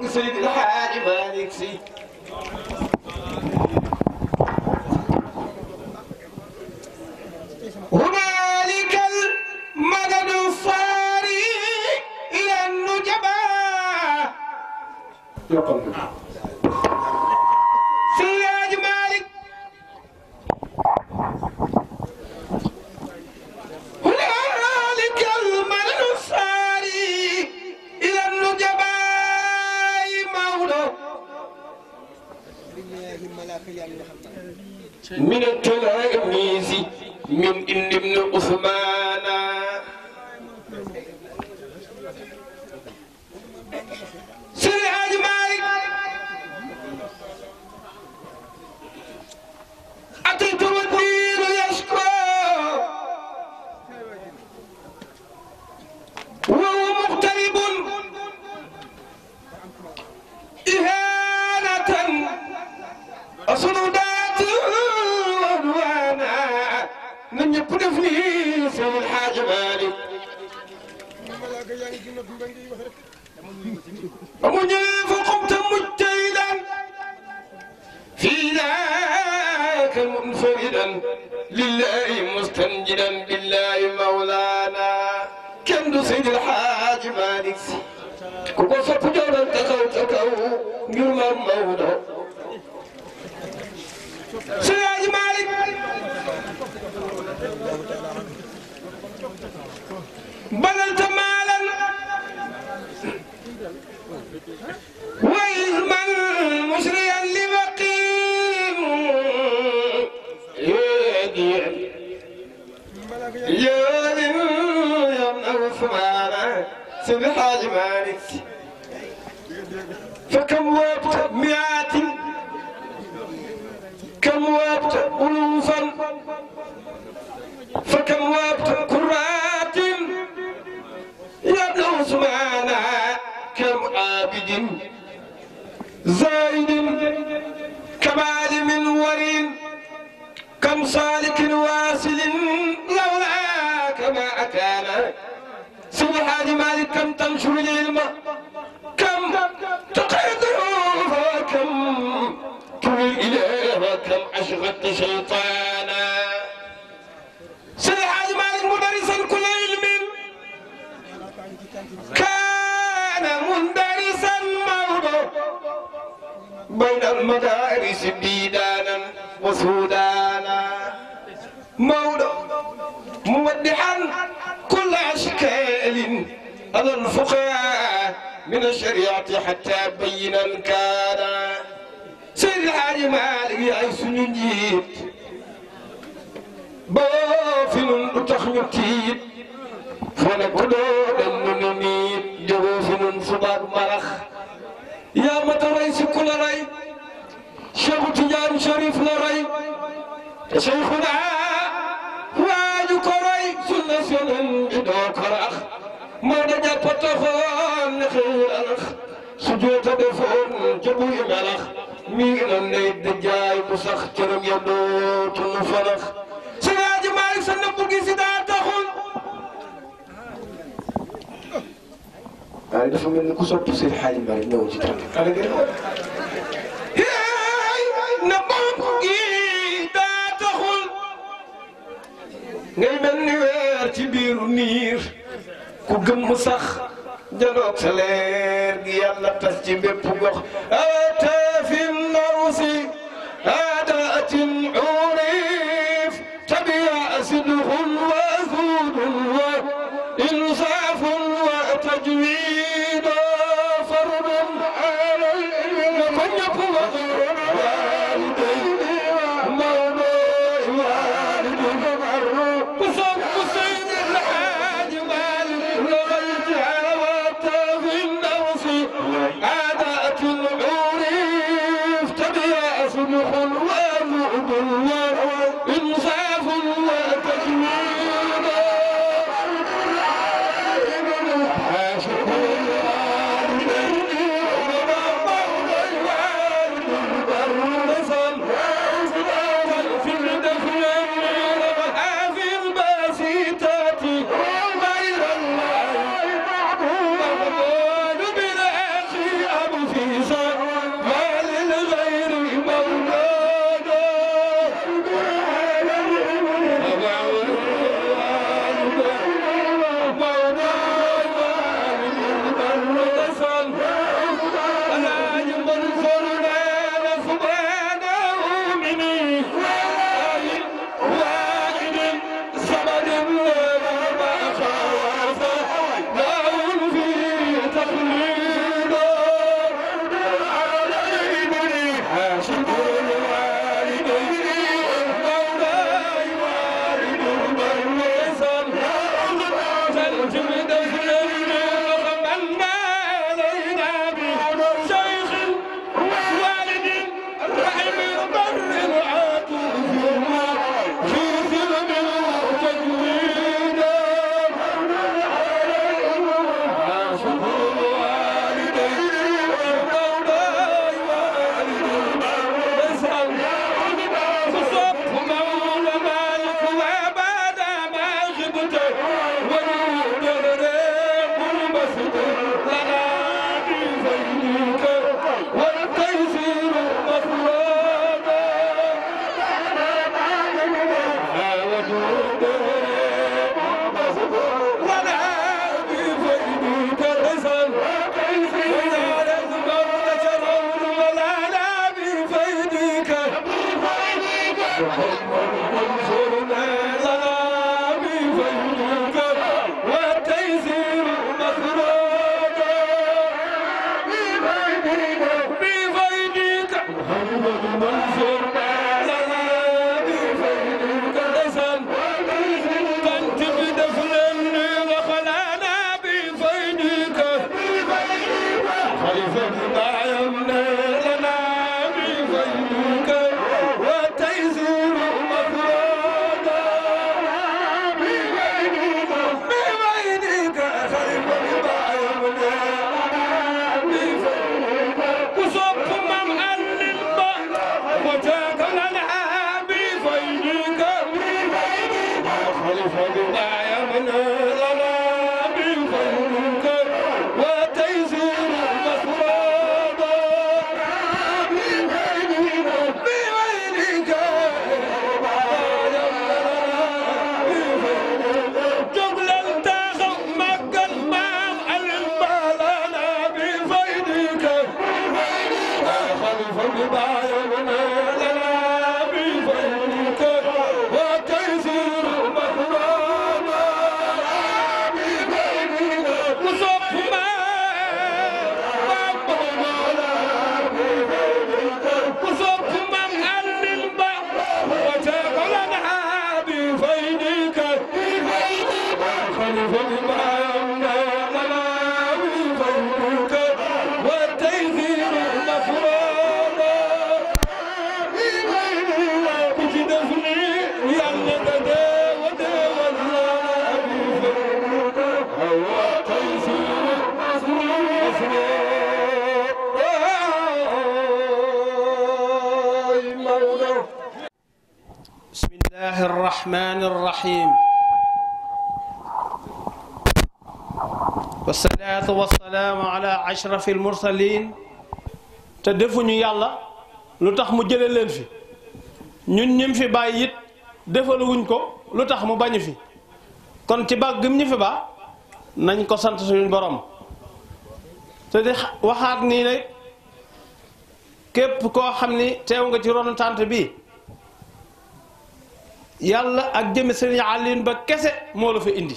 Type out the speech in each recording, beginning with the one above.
bëgg Seydi El Hadji Malick Sy من التلاميذ من ابن عثمان ودفنه سوى الحاج مالك ومني فقمت مجتهدا في ذاك منفردا لله مستنجدا بالله مولانا كم سيد الحاج مالك كوكو سبجورا تخوتكو نيرمان مولو بذلت مالا وإثما مسريا لبقيم يوديع يوديع سبحان مالك فكم وقت مئات الفارس ديدانا وسودانا مولى مودحا كل اشكال على الفقهاء من الشريعه حتى بين كان سيد الحاج مالك يا سنين جيت بافن تخنتيت فلك دور النميت جوفن صباك مرخ يا متى رئيس كل رئيس Cheikh Tidiane Cherif la roy te Cheikhuna waaju ko roy sunna senen bi doo ko rax moo ngay mel ni weer ci biiru niir ku gëmm sax janoog sa leer gi yàlla tas ci bépp gox ata nawsi لا يا منى vamos embora. ashrafil mursalin te defuñu yàlla lu tax mu jële leen fi ñun ñim fi bàyyi it defaluwuñ ko lu tax mu bañu fi kon ci bàgg gim ñu fi ba nañ ko sant suñu borom te di waxaat nii ne képp koo xam ni teew nga ci ronu tànt bi yàlla ak jëme sëriñ Alioune ba kese moo la fa indi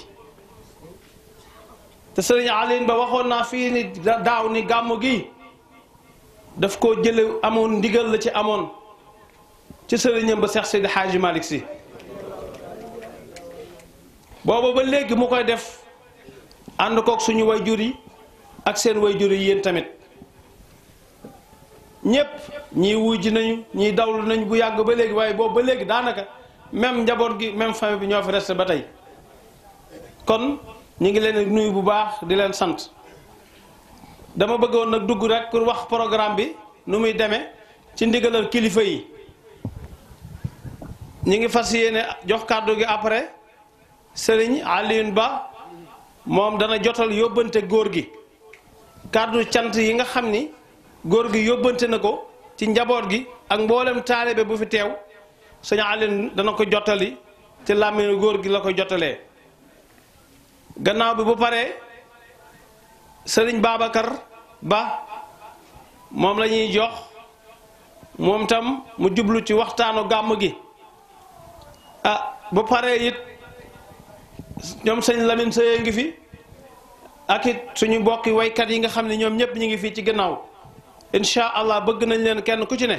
te sëriñ Aline ba waxoon naa fii ni daaw ni gàmmu gi daf koo jële amoon ndigal la ci amoon ci sëriñam ba Seex Seydi Xaaji Malick Si booba ba léegi mu koy def ànd kook suñu way jur yi ak seen way jur yi yéen tamit ñëpp ñii wujj nañu ñii dawlu nañu bu yàgg ba léegi waaye boobu ba léegi daanaka même njaboot gi même famille bi ñoo fi resté ba tey kon ñu ngi leen nuyu bu baax di leen sant dama bëggoon nag dugg rek pour wax programme bi nu muy demee ci ndigalal kilifa yi ñu ngi fas yéene jox kàddu gi après Serigne Alioune Ba moom dana jotal yóbbante góor gi kàddu cant yi nga xam ni góor gi yóbbante na ko ci njaboot gi ak mboolem taalibe bu fi teew sëñ Alioune dana ko jottali ci làmmiñu góor gi la ko jottalee. gannaaw bi bu paree sëriñ Babacar Ba moom lañuy jox moom tam mu jublu ci waxtaanu gàmm gi a ah, bu paree it ñoom sëñ Lamine Seye ngi fi ak it suñu mbokki waykat yi nga xam ne ñoom ñëpp ñu ngi fii ci gannaaw incha allah bëgg nañ leen kenn ku ci ne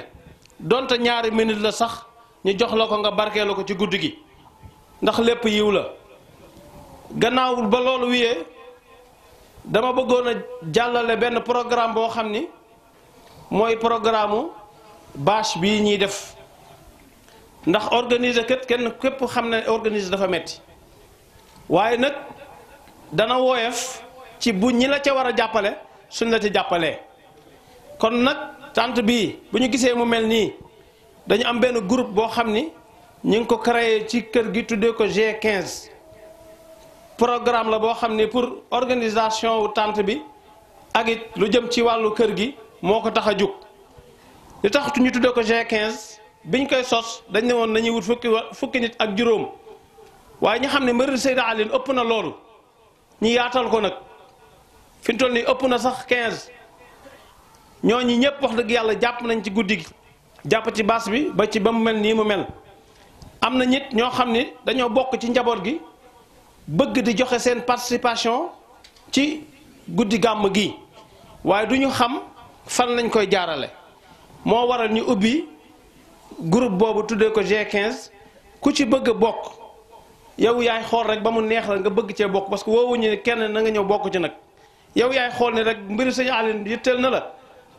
donte ñaari minute la sax ñu jox la ko nga barkeelu ko ci guddi gi ndax lépp yiw la. gannaawut ba loolu wiyee dama bëggoon a jàllale benn programme boo xam ni mooy programme bâche bi ñuy def ndax organiser kat kenn képp xam ne organiser dafa metti waaye nag dana woyof ci bu ñi la ca war a jàppale suñ la ca jàppalee kon nag tànt bii bu ñu gisee mu mel nii dañu am benn groupe boo xam ni ñu ngi ko créé ci kër gi tuddee ko g quinze programme la boo xam ne pour organisation wu tànt bi ak it lu jëm ci wàllu kër gi moo ko tax a jóg li tax ñu tuddee ko G15 biñ koy sos dañ ne woon nañuy wut fukki nit ak juróom waaye ñu xam ne mbari Seydina Alioune ëpp na loolu ñu yaatal ko nag fi mu toll nii ëpp na sax 15 ñooñu ñëpp wax dëgg yàlla jàpp nañ ci guddi gi jàpp ci baas bi ba ci ba mu mel nii mu mel am na nit ñoo xam ni dañoo bokk ci njaboot gi. bëgg di joxe seen participation ci guddi gàmm gi waaye du ñu xam fan lañ koy jaarale moo waral ñu ubbi groupe boobu tuddee ko G15 ku ci bëgg bokk yow yaay xool rek ba mu neex la nga bëgg cee bokk parce que woowuñu ne kenn na nga ñëw bokk ci nag yow yaay xool ne rek mbiru sëñ Aline yitteel na la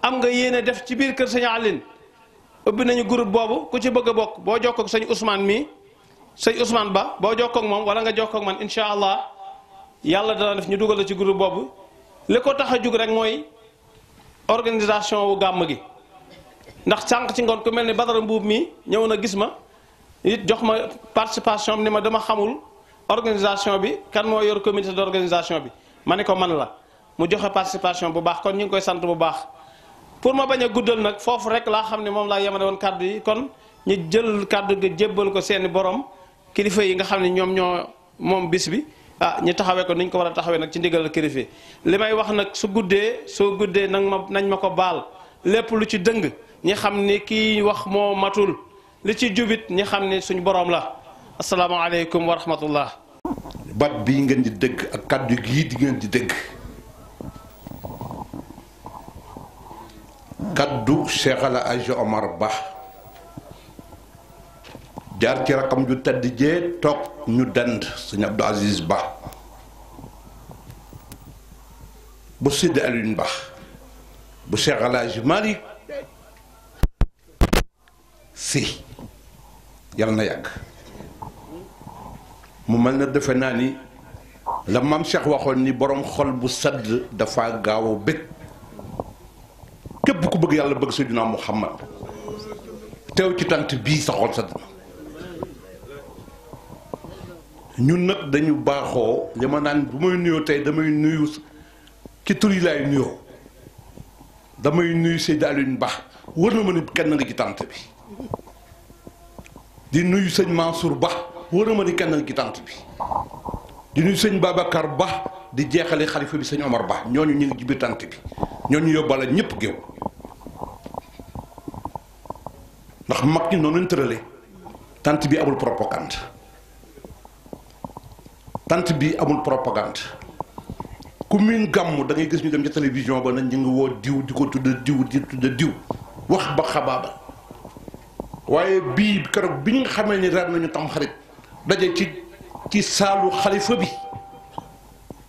am nga yéene def ci biir kër sëñ Aline ubbi nañu groupe boobu ku ci bëgg bokk boo jokkoo ak sañu Ousmane mii sëñ Ousmane Ba boo jokkoo ak moom wala nga jokkoo ak man incha allah yàlla dana def ñu dugal la ci groupe boobu li ko tax a jug rek mooy organisation wu gàmm gi ndax sànq ci ngoon ku mel ni Badara Mbuub mi ñëw na gis ma it jox ma participation bi ni ma dama xamul organisation bi kan moo yor comité d'organisation bi ma ne ko man la mu joxe participation bu baax kon ñu ngi koy sant bu baax pour ma bañ a guddal nag foofu rek laa xam ne moom laa yemale woon kàddu kon ñu jël kàddu gi jébbal ko seeni borom kilifa yi nga xam ñom ñoo mom bis bi ah ñi taxawé ko nuñ ko wara a nak ci ndigal kilifa limay wax nak su guddé so guddé nak ma nañ mako bal lepp lu ci dëng ñi ki wax mo matul li ci jubit ñi xam ne suñu borom la alaykum wa rahmatullah bat bi ngeen di dëgg ak kaddu gi di ngeen di dëgg kaddu Cheikh ala aji Omar bah jaar ci rakam ju tedd toog ñu dend sëñ Abdou Aziz Ba bu Sidi Alioune Ba bu Cheikh El Hadj si yàlla na yàgg mu mel na defe naa ni la maam Cheikh waxoon ni boroom xol bu sedd dafa gaaw a bëgg képp ku bëgg yàlla bëgg Seydina Muhammad teew ci tant bii sa xol sedd na ñun nak dañu baaxoo dama nan bu may nuyu tay damay nuyu ki tur lay nuyu nuyoo damay nuyu sey dalun bax wërna ma ni kenn nga ci tante bi di nuyu sëñ Mansour bax wërna ma ni kenn nga ci tante bi di nuyu sëñ Babacar Ba di bah, khalifa bi sëñ Omar bax ñoñu ñi ngi ci tante bi ñoñu yóbbale ñepp gëw ndax mag ñi noonu tante bi amul propagande tant bi amul propagande ku miin gàmm da gis ñu dem ci télévision ba nañ ñu ngi woo diw di ko tudd diw di tudd diw wax ba xabaaba waaye bii keroog bi ñu nga xamee ni ren nañu tam xarit daje ci ci saalu xalifa bi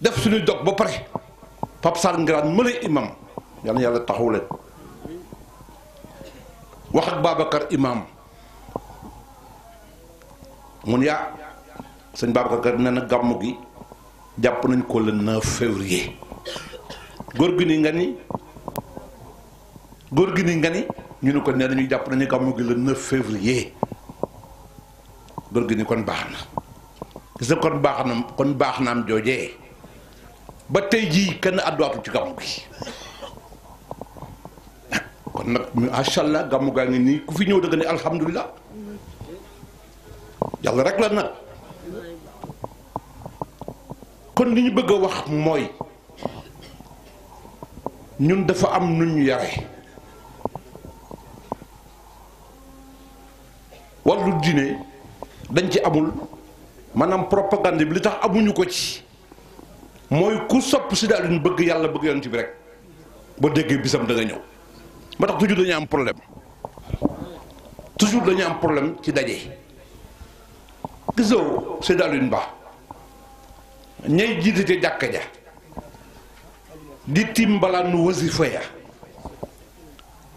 def suñuy dog ba pare Pape Sarr Ngiraan mële imam yal na yàlla taxaw leen wax ak Babacar imam mun yaa sëñ Babacar nee na gàmmu gi jàpp nañ ko le 9 février góor gi ni nga ni góor gi ni nga ni ñu ne ko ne nañu jàpp nañu gàmmu gi le 9 février góor gi ni kon baax na gis nga kon baax na kon baax na am joojee ba tey jii kenn adduwaatu ci gàmmu gi kon nag macha allah gàmmu gaa ngi nii ku fi ñëw da nga ne alhamdulilah yàlla rek la nag. kon li ñu bëgg a wax mooy ñun dafa am nu ñu yare lu diine dañ ci amul maanaam propagande bi li tax amuñu ko ci mooy ku sopp si daal duñ bëgg yàlla bëgg yonent bi rek ba déggee bisam da nga ñëw moo tax toujours dañu am problème toujours dañu am problème ci daje gisoo Seydina Ba ñay jiite ca jàkk ja di tim mbalaanu wasifa ya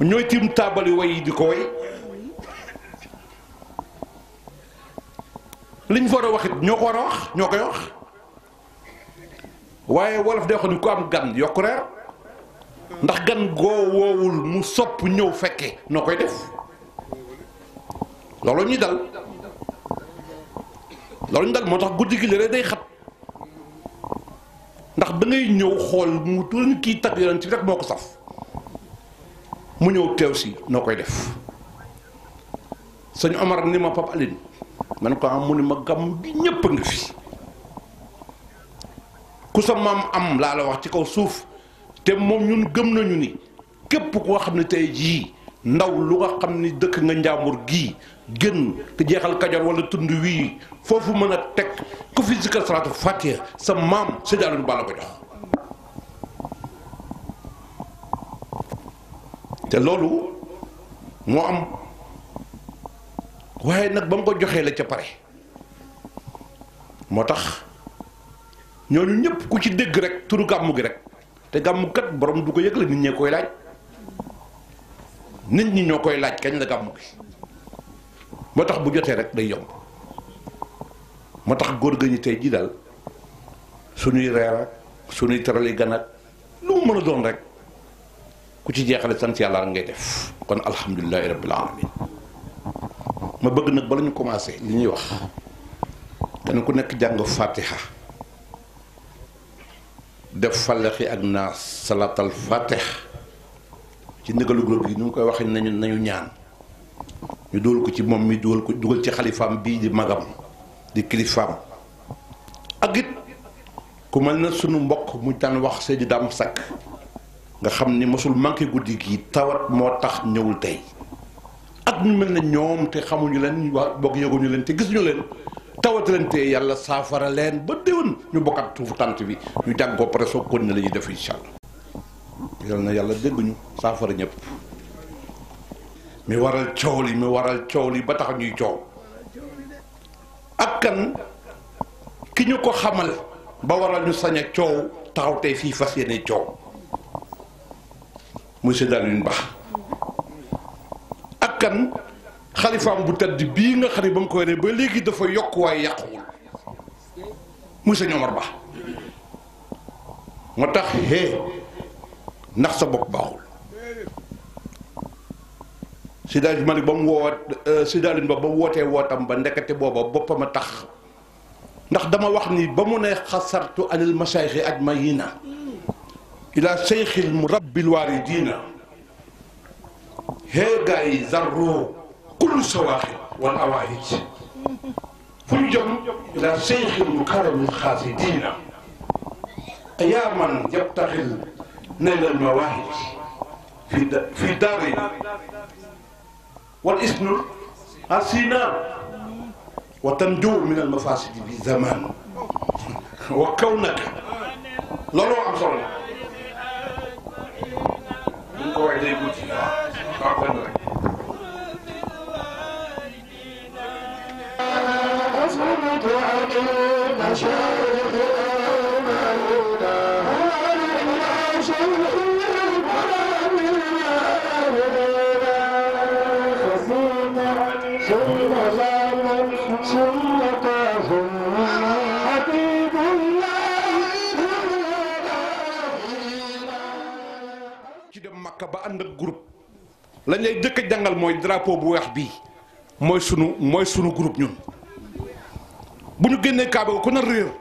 ñooy tiim taabali way yi di ko way liñ fa war a wax ñoo ko war a wax ñoo koy wax waaye wolof day wax ni ku am gan yokk ndax gan goo woowul mu sopp ñëw fekke noo koy def loolu ñuy dal loolu ñu dal moo tax guddi gi day xat ndax da ñëw xool mu tuuti kii tag yonent ci rek moo ko saf mu ñëw teew si noo koy def sëñ Omar ni ma Pape Aline man ko am ah, mu ni ma gàmm gi ñëpp ngi fi ku sa maam am laa la wax ci kaw suuf te moom ñun gëm nañu ni képp koo xam ne tey jii ndaw lu nga xam ni dëkk nga njàmbur gii génn te jeexal kajoor wala tund wii foofu mën a teg ku fi zikar salaatu fatiha sa maam sa jaaluñu bàlla ko jox te loolu moo am waaye nag ba mu ko joxee la ca pare moo tax ñooñu ñëpp ku ci dégg rek turu gàmmu gi rek te gàmmu kat borom du ko yëg la nit ñee koy laaj nit ñi ñoo koy laaj kañ la gàmmu gi moo tax bu jotee rek day yomb moo tax góor ga ñu tey jii daal su reer ak suñuy terali gan ak lu mu mën a doon rek ku ci jeexale sant yàlla rek ngay def kon alhamdulilahi rabbil alamin ma bëgg nag bala ñu commencé li ñuy wax kenn ku nekk jàng fatiha def fallaxi ak naa salaatal fatiha ci ndigalu groupe yi ñu ngi koy waxee nañu nañu ñaan ñu dugal ko ci moom mi dugal ko dugal ci xalifaam bii di magam di kilifaam ak ku mel na sunu mbokk mu daan wax Seydou Dame Sakk nga xam ni mosul manqué guddi gi tawat moo tax ñëwul tey ak ñu mel na ñoom te xamuñu leen wax bokk yëguñu leen te gisuñu leen tawat leen te yàlla saafara leen ba déwén ñu bokkat tuufu tànt bi ñu jàng ko pare soo kon ne la ñuy def incha yal na yàlla dégguñu saafara ñëpp mi waral coow li mi waral coow li ba tax ñuy coow ak kan ki ñu ko xamal ba waral ñu sañ a coow taxaw tey fii fas yéene coow monsieur Dalioune Ba ak kan xalifaam bu tedd bii nga xam ne ba mu ko yoree ba léegi dafa yokk waaye yàquwul monsieur Ñomar Ba moo tax hee ndax sa bopp baaxul si daal malik ba mu woo si daalin ba ba wootee wootam ba ndekete booba boppam a tax ndax dama wax ni ba mu ne xasartu anil masayxi ajmayina ila seyxil murabbil waaridina hee gaa yi zarro kul sawaaxi wal awaahij fu ñu jëm ila seyxil mukarramil xaasidina yaa man yabtaxil نيل المواهب في داري دارنا والاسم السنان وتنجو من المفاسد في الزمان وكونك لا لو ام صلى أصبحت عقيم شاهد ci dem makka ba ànd ak groupe lañ lay jëkk drapeau bu wax bi moy sunu moy sunu groupe ñun buñu gënné kaba ko na réer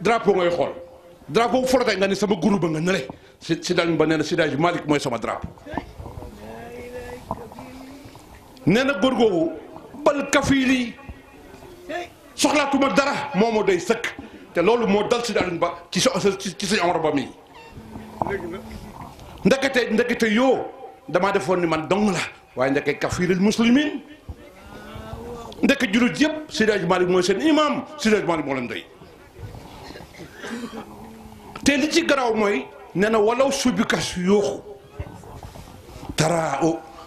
drapeau ngay xol drapeau fu folote nga ni sama groupe nga nalé ci dañ ba néna sidaj malik moy sama drapeau néna na bal kafili soxlaatuma dara moo ma doy sëkk te loolu moo dal si Alioune Ba ci sa ci sëñ Omar Ba mii ndekete ndekete yoo damaa defoon ni man dong la waaye ndeke kafiril muslimin ndeke jullit yëpp Seydi Hadji Malick mooy seen imam Seydi Hadji Malick moo leen doy te li ci garaaw mooy nee na walaw subikas yooxu taraa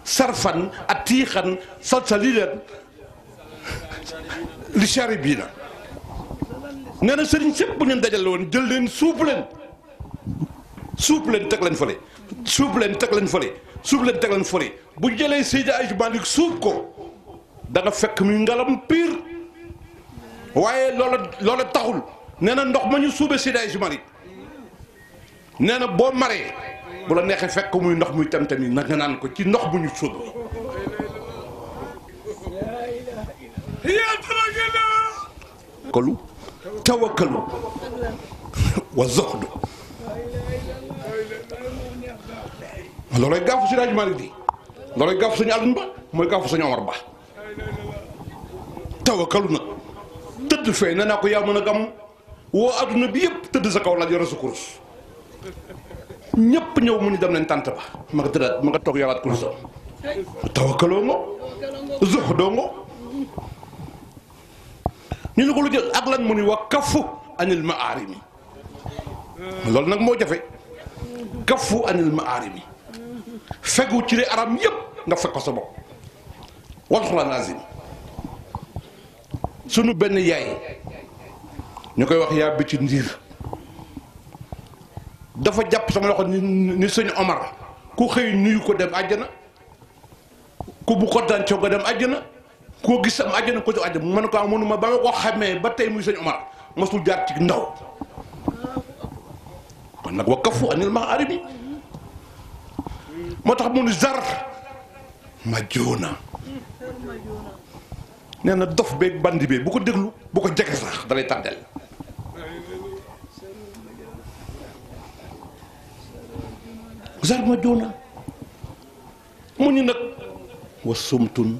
sarfan atiixan salsalilan li chari bii na nee na sëriñ sëpp bu ngeen dajale woon jël leen suub leen suub leen teg leen fële suub leen teg leen fële suub leen teg bu jëlee Seydi Aji Malick suub ko danga fekk muy ngalam piir waaye loola taxul nee na ndox ma ñu suubee Seydi Aji Malick nee na boo maree bu la neexee fekk muy ndox muy tam tamit na naan ko ci ndox bu ñu suub tawakkalu tawakkalu wa zuhdu kalau gaffu ci dajmal di lolay gaffu suñu aduna ba moy gaffu suñu omar ba tawakkalu na tedd fe na nako ya mëna gam wo aduna bi yépp tedd sa kaw la yoro su kurus ñepp ñew mu ni dem len tante ba ma ma tok kurus tawakkalu ngo zuhdu ñu ne ko lu jël ak lan mu ni wa kafu anil maarimi loolu nag moo jafe kafu anil maarimi fegu ci li aram yëpp nga fekk ko sa bopp wal xuraan azim sunu benn yaay ñu koy wax yaa bi ci ndiir dafa jàpp sama loxo ni sëñ Omar ku xëy nuyu ko dem àjjana ku bu kontaan coo nga dem àjjana koo gis am àjjana ko ci àjjana man ko ah, mënuma ba ma ko xamee ba tey muy sëñ Omar mosul jaar ci ndaw kon nag wa kafu anil ma arimi moo tax mu ni zar ma joona na dof beeg bu ko déglu bu ko jege sax dalay mu ñu nag wa sumtun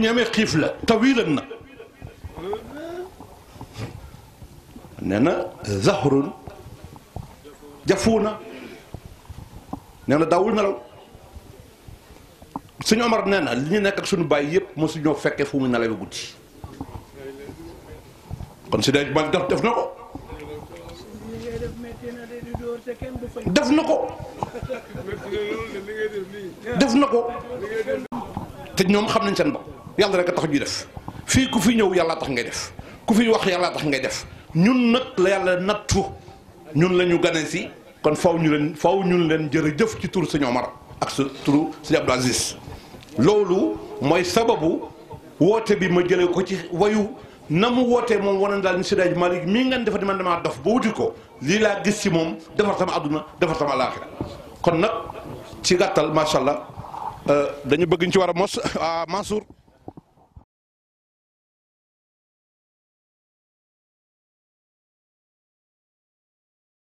من يمي قفلة طويلا نانا زهر جفونا نانا داول نرو سنو عمر نانا اللي نانا كاكسون بايب مسنو فاكي فومي نالي بوتي كون سيدا يجبان دف دفنوكو دفنوكو دفنوكو تجنوم خمنا نشان بقو yàlla rek a tax ñuy def fii ku fi ñëw yàlla tax ngay def ku fi wax yàlla tax ngay def ñun nag la yàlla nattu ñun la ñu gane si kon faw ñu leen faw ñun leen jërëjëf ci turu sëñ Omar ak sa turu sëñ Abdou Aziz loolu mooy sababu woote bi ma jëlee ko ci wayu na mu wootee moom wane daal ni Seydi Malick mii ngeen defa di man damaa dof ba wuti ko lii laa gis ci moom defar sama àdduna defar sama alaaxira kon nag ci gàttal macha allah euh, dañu bëgg ñu ci war a mos ah, Mansour